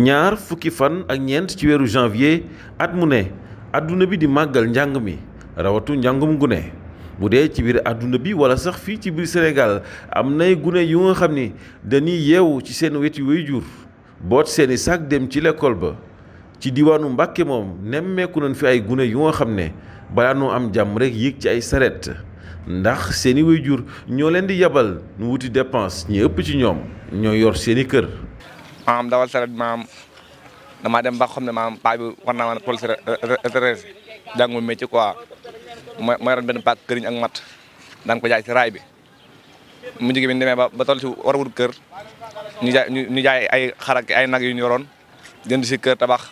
ñaar fukki fan ak ñeent ci weeru janvier at mu ne adduna bi di màggal njàng mi rawatu njàngum gune bu dee ci biir àdduna bi wala sax fii ci biir Sénégal am nay gune yu nga xam ni dañuy yeewu ci seen weti waajur boot seeni sac dem ci lekkool ba ci diwaanu Mbàkke moom nemmeeku nañ fi ay gune yu nga xam ne balaa noo am jàmm rek yéeg ci ay saret ndax seeni jur ñoo leen di yabal nu wuti dépense ñi ëpp ci ñoom ñoo yor seeni kër maam dawal saret maam damaa dem ba xam ne maam paa bi war naa mën a toll si retraite jàngul métier quoi ma ma yoroon benn paak këriñ ak mat daan ko jaay si raay bi mu jigéen bi demee ba ba toll si war wut kër ñu jaay ñu jaay ay xar ak ay nag yu ñu yoroon jënd si kër tabax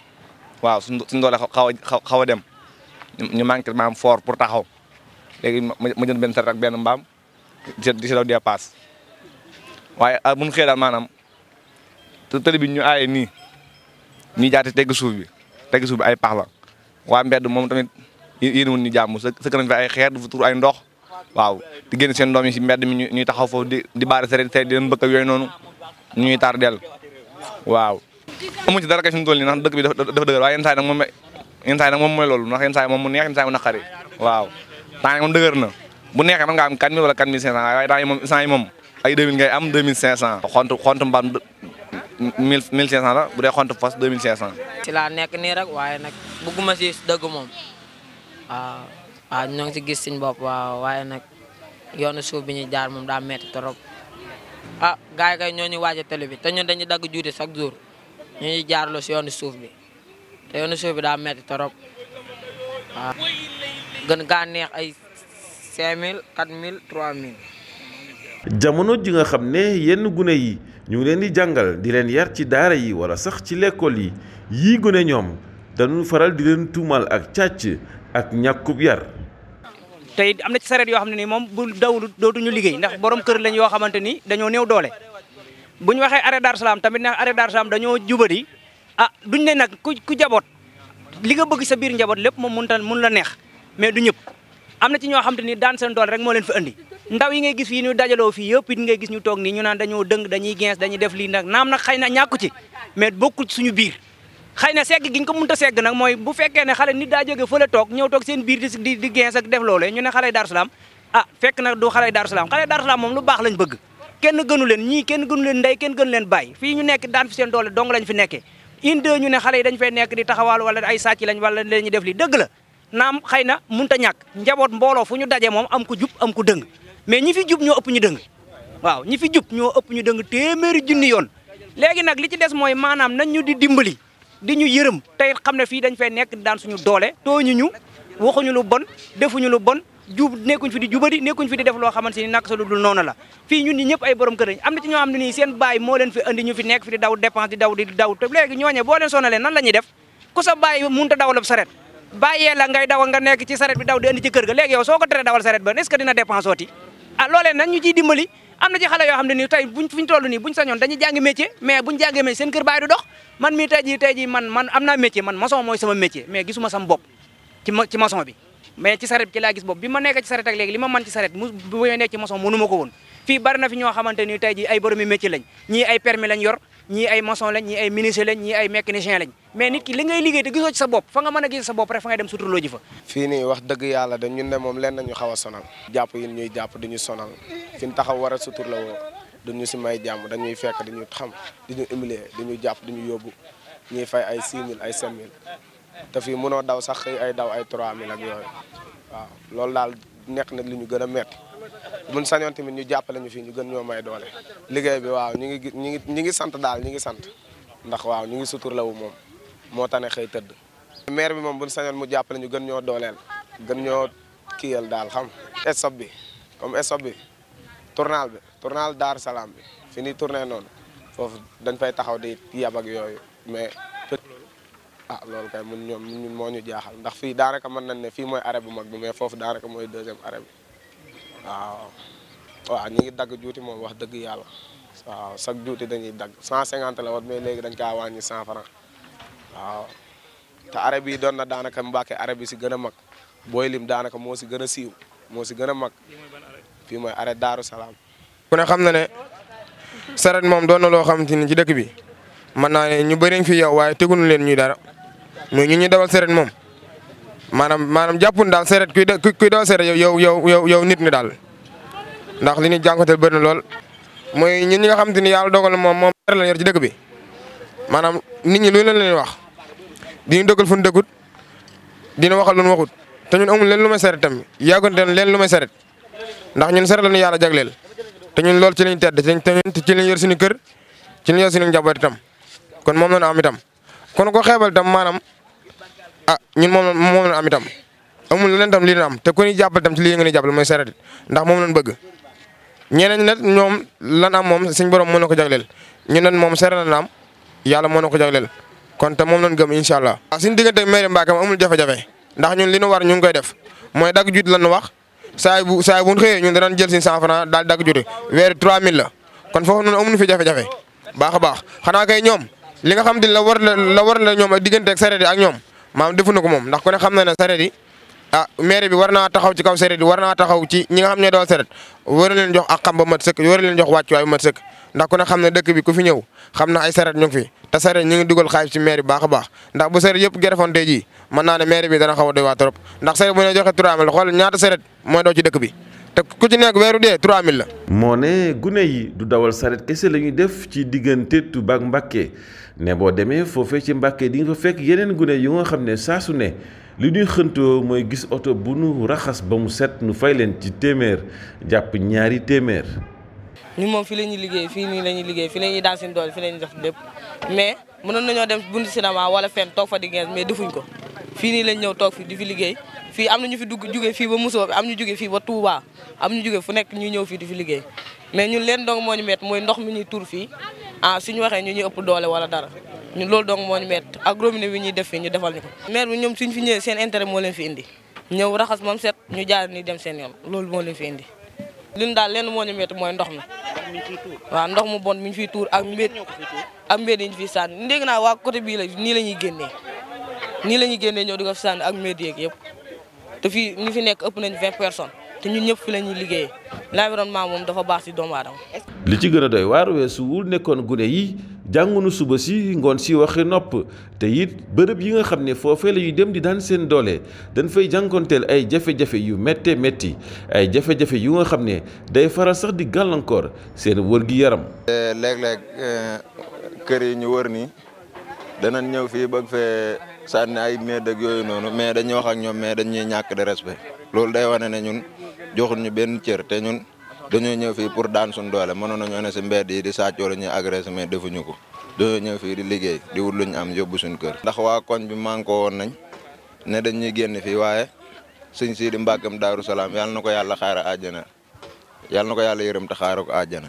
waaw suñ suñ doole xaw a xaw a dem ñu manqué maam fort pour taxaw léegi ma jënd benn saret ak benn mbaam di si daw di paas waaye bu ñu xëyee daal maanaam te tëli bi ñu ay ni ni jaati tegg suuf bi tegg suuf bi ay pax la waa mbedd mom tamit yéen won ni jamm sa kanam fi ay xéer du tur ay ndox waaw di génn seen doom yi ci mbedd mi ñuy taxaw fo di baara sa sareet sareet di leen bëkk ak yoy nonu ñuy tar del waaw amu ci dara ka suñu tool yi ndax dëkk bi dafa dëgël wa yeen saa nak mom yeen yenn nak mom moy lolu nak yeen ndax mom mu neex yeen saa mu nakari waaw tay yi moom dëgër na bu neexé mën nga am 4000 wala 4500 waaye temps yi moom mom yi moom ay 2000 ngay am 2500 xontu xontu mbam mille mille cinq cent la bu dee xontu fas deux mille ci laa nekk nii rek waaye nag bëgguma si dëgg moom waaw waaw ñoo ngi si gis suñu bopp waaw waaye nag yoonu suuf bi ñuy jaar moom daa metti trop. ah gars yi kay ñoo ñu waaj a télé bi te ñun dañuy dagg juuti chaque jour ñu ñuy jaarloo si yoonu suuf bi te yoonu suuf bi daa metti trop waaw. gën gaa neex ay 5000 4000 mil jamono ji nga xam ne yenn gune yi. ñu ngi leen di jàngal di leen yar ci daara yi wala sax ci lekkool yi yii ne ñoom dañu faral di leen tuumaal ak càcc ak ñàkkub yar. tey am na ci sareet yoo xam ne nii moom bu dawul dootuñu liggéey ndax boroom kër lañ yoo xamante ni dañoo néew doole bu ñu waxee arrêt Darou Salam tamit ne arrêt Darou Salam dañoo jubadi ah duñ ne nag ku ku jaboot li nga bëgg sa biir njaboot lépp moom mun ta mun la neex mais du ñëpp. am na ci ñoo xam te ni daan seen doole rek moo leen fi andi ndaw i ngay gis fii ñu dajaloo fii yëpp it ngay gis ñu toog nii ñu naan dañoo dëng dañuy gens dañuy def lii na naam nag xëy na ñàkku ci mais bokku ci suñu biir xëy na segg gi ñu ko mënta segg na mooy bu fekkee ne xale nit daa jóge fële toog ñëw toog seen biir di di gens ak def loole ñu ne xale Darou Salam ah fekk na du xale Darou Salam xale moom lu baax lañ bëgg kenn gënu leen ñii kenn gënu leen kenn gënu leen fii ñu nekk daan fi seen doole dong lañ fi nekkee une deux ñu ne xale yi dañ fay nekk di def lii dëgg la nam xëy munta ñak njabot mbolo njaboot mbooloo fu ñu amku moom am ko jup am ko deung mais ñi fi jup ño ëpp ñu deung waaw ñi fi jup ño ëpp ñu deung yoon légui nak li ci dess moy manam nañ ñu di dimbali di ñu yërem tay xam fi dañ fay nekk daan suñu nyu, toñu ñu waxuñu lu bon defuñu lu bon jup nekkuñ fi di jubari nekkuñ fi di def lo xamanteni nak naka sa lu dul nonala fi ñun ñi ñëpp ay borom kër am amna ci ño am ni seen baay mo leen fi andi ñu fi nekk fi di daw dépense di daw di daw te légui ñoñe bo leen sonalé nan lañuy def ku sa baay nta a dawalab saret bàyyee la ngay dawal nga nekk ci saret bi daw di andi ci kër ga léegi yow soo ko teree dawal saret ba a ce que dina dépense ooti ah loolee nag dimbali am na ci xale yoo xam ne ni tey buñ fuñ toll nii buñ sañoon dañuy jàngi métier me buñ jàngee métier seen kër bàyyi du dox man mii tey jii man man am naa métier man maçon mooy sama métier mais gisuma sama bopp ci ci bi mais ci saret ci laa gis bopp bi ma nekk ci saret ak léegi li ma mën ci saret mu bu ma ko woon fii bari fi ñoo xamante ni tey ji ay boromi métier lañ ñii ay permis lañ yor ay maçon lañ ñii ay menuisier lañ ñii ay mécanicien lañ mais nit ki li ngay liggéey te gisoo ci sa bopp fa nga mën a gis sa bopp rek fa ngay dem suturloo ji fa fii nii wax dëgg yàlla da ñun ne moom leen nañu xaw a sonal jàpp yi ñuy jàpp duñu sonal fi ñu taxaw war a suturla woo duñu si may jàmm dañuy ñuy fay ay 6000 ay 5000 te fii mënoo daw sax xëy ay daw ay 3000 ak yooyu waaw loolu daal nekk na li ñu gën a metti mun sañoon tamit ñu jàppale ñu fii ñu gën ñoo may doole liggéey bi waaw ñu ngi ñu ngi ñu ngi sant daal ñu ngi sant ndax waaw ñu ngi wu moom moo tax tane xëy tëdd maire bi moom buñ sañoon mu jàppale ñu gën ñoo dooleel gën ñoo kiyal daal xam stop bi comme stop bi tournal bi tournal Daaru Salaam bi fi ni tourné noonu foofu dañ fay taxaw di yab ak yooyu mais ah lool kay mun moo ñu jaaxal ndax fii daanaka mën na ne fii mooy arrêt bu mag bi mais foofu daanaka mooy deuxième arrêt bi waaw waaw ñu ngi dagg juuti moom wax dëgg yàlla waaw chaque juuti dañuy dagg cent 150 la woon mais léegi dañ kaa wàññi 100 francs waaw te arrêt bi doon na daanaka Mbàkke arrêt bi si gën a mag booy lim daanaka moo si gën a siiw moo si gën a mag fii mooy arrêt Daaru Salaam. ku ne xam na ne saret moom doon na loo xamante ni ci dëkk bi mën naa ñu bëriñ fi yow waaye teguñu leen ñuy dara. mu ñu ñu dawal sereet mom manam manam jàppun dal sereet kuy kuy dawal sereet yow yow yow yow nit ni dal ndax li ni jankotel bëri na lool. mooy ñun ñi nga xamanteni yalla dogal mom mom ter la yor ci dëkk bi manam nit ñi lu leen leen wax di ñu dëggal fu ñu di ñu waxal luñu waxut te ñun amul leen luma sereet tam yàggante leen luma sereet ndax ñun sereet lañu yalla jaglél te ñun loolu ci lañu tedd ci lañu ci lañu yor suñu kër ci yor suñu jabar tam kon mom la ñu am itam kon ko xébal tam manam Ah, ñun mom mom la am itam amul leen tam li la am te ko ni jappal tam ci li nga ni jappal moy sareet ndax mom lañ bëgg ñeneen nak ñom lan am mom señ borom mo na ko jagleel ñu nan mom sareet lan am yalla mo na ko jagleel kon te mom lañ gëm inshallah allah. waaw suñu diggante mairie Mbacke amul jafé jafé ndax ñun li ñu war ñu ngi koy def moy dag juut lañ wax saay bu saay bu xëyee ñun danañ jël suñu 100 francs dal dag juuté wér 3000 la kon fofu ñun amuñu fi jafé jafé baax baax xana kay ñom li nga xam di la war la war la ñom digënté ak sareet ak ñom maam defu na ko moom ndax ku ne xam na ne saret yi ah maire bi war naa taxaw ci kaw saret yi war naa taxaw ci ñi nga xam ne doo saret war leen jox ak xam ba mat sëkk war leen jox wàccuwaay ba mat sëkk ndax ku ne xam ne dëkk bi ku fi ñëw xam na ay saret ñu ngi fi te saret ngi dugal xaalis ci maire bi baax a baax ndax bu saret yëpp gerefoon tey jii mën naa ne maire bi dana xaw a doy waa trop ndax saret bu ne joxe 3000 xool ñaata saret mooy doo ci dëkk bi te ku ci nekk weeru dee 3000 la. moo ne gune yi du dawal saret kese def ci diggante Touba ak Mbacké ne boo demee foofee ci Mbàkke di fa fekk yeneen gune yu nga xam ne saa su ne li ñuy xëntoo mooy gis oto bu nu raxas ba mu set nu fay leen ci téeméer jàpp ñaari téeméer. ñun moom fii la ñuy liggéey fii nii la ñuy liggéey fii la ñuy daan seen doole fii la ñuy def lépp mais mënoon nañoo dem buntu cinéma wala fenn toog fa di gens mais defuñ ko fii nii lañ ñëw toog fi di fi liggéey fii am na ñu fi dugg jóge fii ba Moussa am ñu jóge fii ba Touba am ñu jóge fu nekk ñu ñëw fii di fi liggéey mais ñun leen dong moo ñu mooy ndox mi ñuy tuur fi ah suñu waxee ñu ñuy ëpp doole wala dara ñu loolu dong moo ñu métti ak robinet bi ñuy def fii ñu defal ñu ko. maire ñoom suñ fi ñëwee seen intérêt moo leen fi indi ñëw raxas moom set ñu jaar ni dem seen loolu moo leen fi indi lin daal leen moo mooy ndox mi. waaw ndox mu bon mi ñu fiy tuur ak mbéy ak mbéy yi ñu fiy sànni ndégg naa waa côté bii la nii la ñuy génnee nii la ñuy génnee ñoo di ko fi ak mbéy yeeg yëpp te fii ñu fi nekk ëpp nañ vingt personnes te ñun ñëpp fi la ñuy liggéey l'environnement moom dafa baax si doomu aadama. li ci gën a doy waar weesu wul nekkoon gune yi jàngunu suba si ngoon si waxi nopp te it bërëb yi nga xam ne foofee la ñuy dem di daan seen doole dañ fay jànkoonteel ay jafe-jafe yu métte métti ay jafe-jafe yu nga xam ne day faral sax di gàllankoor seen wër gi yaram. Eh, léeg-léeg eh, kër yi ñu wër nii danañ ñëw fii bëgg fee sànni ay méed ak yooyu noonu mais dañuy wax ak ñoom mais dañuy ñàkk de respect loolu joxuñ ñu benn cër te ñun dañoo ñëw fii pour daan suñ doole mënoon nañoo ne si mbedd yi di sàcc wala ñuy agressé mais defuñu ko dañoo ñëw fii di liggéey di wut lu ñu am yóbbu suñ kër ndax waa koñ bi manko woon nañ ne dañ ñuy génn fii waaye sëñ Sidi Mbàkkam Daaru Salaam yàlla na ko yàlla xaara àjjana yàlla na ko yàlla yërëm te xaara ko àjjana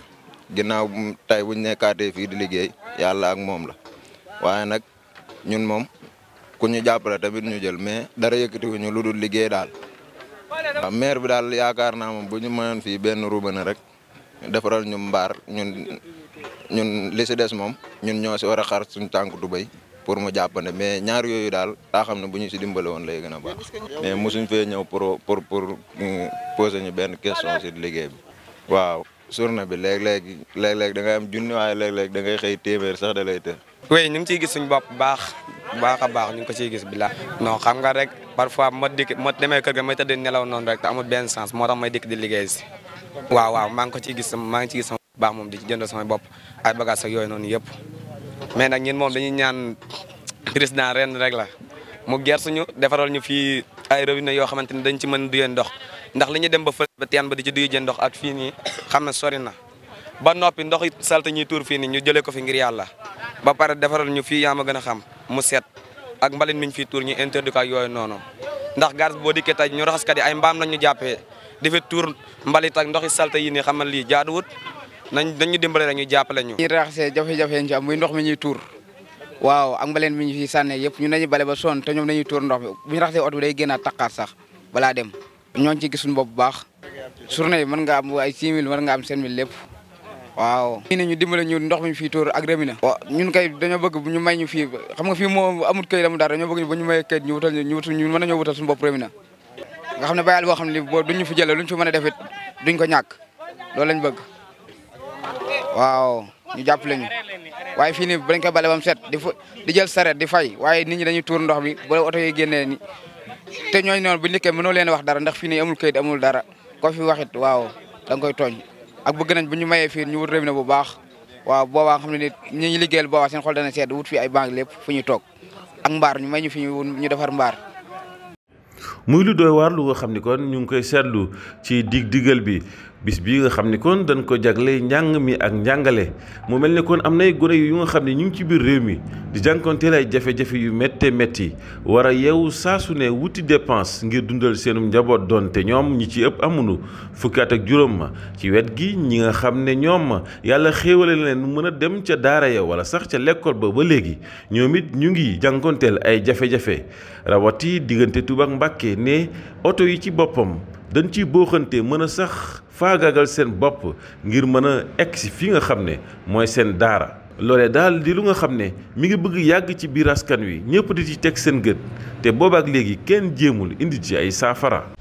ginnaaw tey buñ nekkaatee fii di liggéey yàlla ak moom la waaye nag ñun moom ku ñu jàppale tamit ñu jël mais dara yëkkatiwuñu lu dul liggéey daal waaw maire bi daal yaakaar naa moom bu ñu mayoon fii benn robinet rek defaral ñu mbaar ñun ñun li si des moom ñun ñoo si war a xar suñu tànk Dubai pour mu jàppande mais ñaar yooyu daal daa xam ne bu ñu si dimbale woon lay gën a baax. mais mosuñ fee ñëw pour pour pour euh, poser ñu benn question si liggéey bi. waaw journée bi léeg-léeg léeg-léeg da ngay am junni waaye léeg-léeg da ngay xëy téeméer sax da lay të. ñu ngi ciy gis suñu bopp baax. baka bax ñu ko ci gis bilaa non xam nga rek parfois ma dik ma demee kër ga may tëdd nelaw non rek ta amul ben sens motax may dik di liggéey ci waaw waaw ma ngi ko ci gis ma ngi ci gis sama bax mom di ci jënd sama bop ay bagage ak yoy non yépp mais nak ñin mom dañuy ñaan président ren rek la mu suñu defaral ñu fi ay rewina yo xamanteni dañ ci mëna duyee ndox ndax liñu dem ba fa ba teen ba di ci duy jën ndox ak fi ni xamna sori na ba nopi ndox it salte ñuy tuur fii nii ñu jëlé ko fi ngir yalla ba paré défaral ñu fi yaa gëna xam mu sét ak mbalin miñ fi tour ñi interdit ko ak yooyu noonu ndax gar bo diké taj ñu raxas ka di ay mbam lañu jappé jàppee di fi tuur mbalit ak ndoxi salté yi ni xamal li lii jaaduwut nañ dañu dimbalé rek ñu jàppale ñu. ñuy raxasee jafé jafe ci am muy ndox mi ñi tour waaw ak mbalen miñ fi sané yépp ñu nañu balé ba son té ñom nañu tour ndox mi bu ñu raxé auto day gëna takkar sax bala dem ñoo ci gisun bop bopp bu baax journée man nga am ay 6 war nga am 7 000 lépp waaw ñi ne ñu dimbale ñu ndox mi fii tóor ak remina waaw ñun kay dañoo bëgg ñu may ñu fii xam nga fi moom amut kay damu dara dañoo bëgg ba ñu may kayit ñu wutal ñu wutal ñu mën a ñoo wutal suñu bopp remina xam ne bayal boo xam ne boo duñu fi jëlee luñ fi mën a defit duñ ko ñàkk loolu lañ bëgg waaw ñu jàppale ñu waaye fii nii bañ koy bale bam set di di jël saret di fay waaye nit ñi dañuy tuur ndox mi bu oto yi génnee ni te ñooñu noonu bu ñu mënoo leen wax dara ndax fii nii amul kayit amul dara ko fi waxit waaw da nga koy tooñ ak bëgg nañ bu ñu mayee fii ñu wut robinet bu baax waaw boobaa nga xam ne nit ñi ñu liggéeyal boobaa seen xol dana sedd wut fii ay banque lépp fu ñu toog ak mbaar ñu may ñu fi ñu defar mbaar muy lu doy waar lu nga xam ni kon ñu ngi koy seetlu ci dig digal bi bis bii nga xam ni kon dañ ko jagle njàng mi ak njàngale mu mel ni kon am nay gone yu nga xam ne ñu ngi ci biir réew mi di jànkonteel ay jafe-jafe yu métte métti war a yeewu saasu ne wuti dépense ngir dundal seenum njaboot doonte ñoom ñi ci ëpp amulu fukki at ak juróom ma ci wet gi ñi nga xam ne ñoom yàlla xéewale na leen mën a dem ca daara ya wala sax ca lekkool ba ba léegi ñoom it ñu ngi jànkonteel ay jafe-jafe rawati diggante Tuubaa ak Mbàkke oto yi ci boppam dañ ciy booxante mën a sax faagaagal seen bopp ngir mën a egg si fi nga xam ne mooy seen daara loolee daal di lu nga xam ne mi ngi bëgg yàgg ci biir askan wi ñëpp di ci teg seen gën te ak léegi kenn jéemul indi ci ay saafara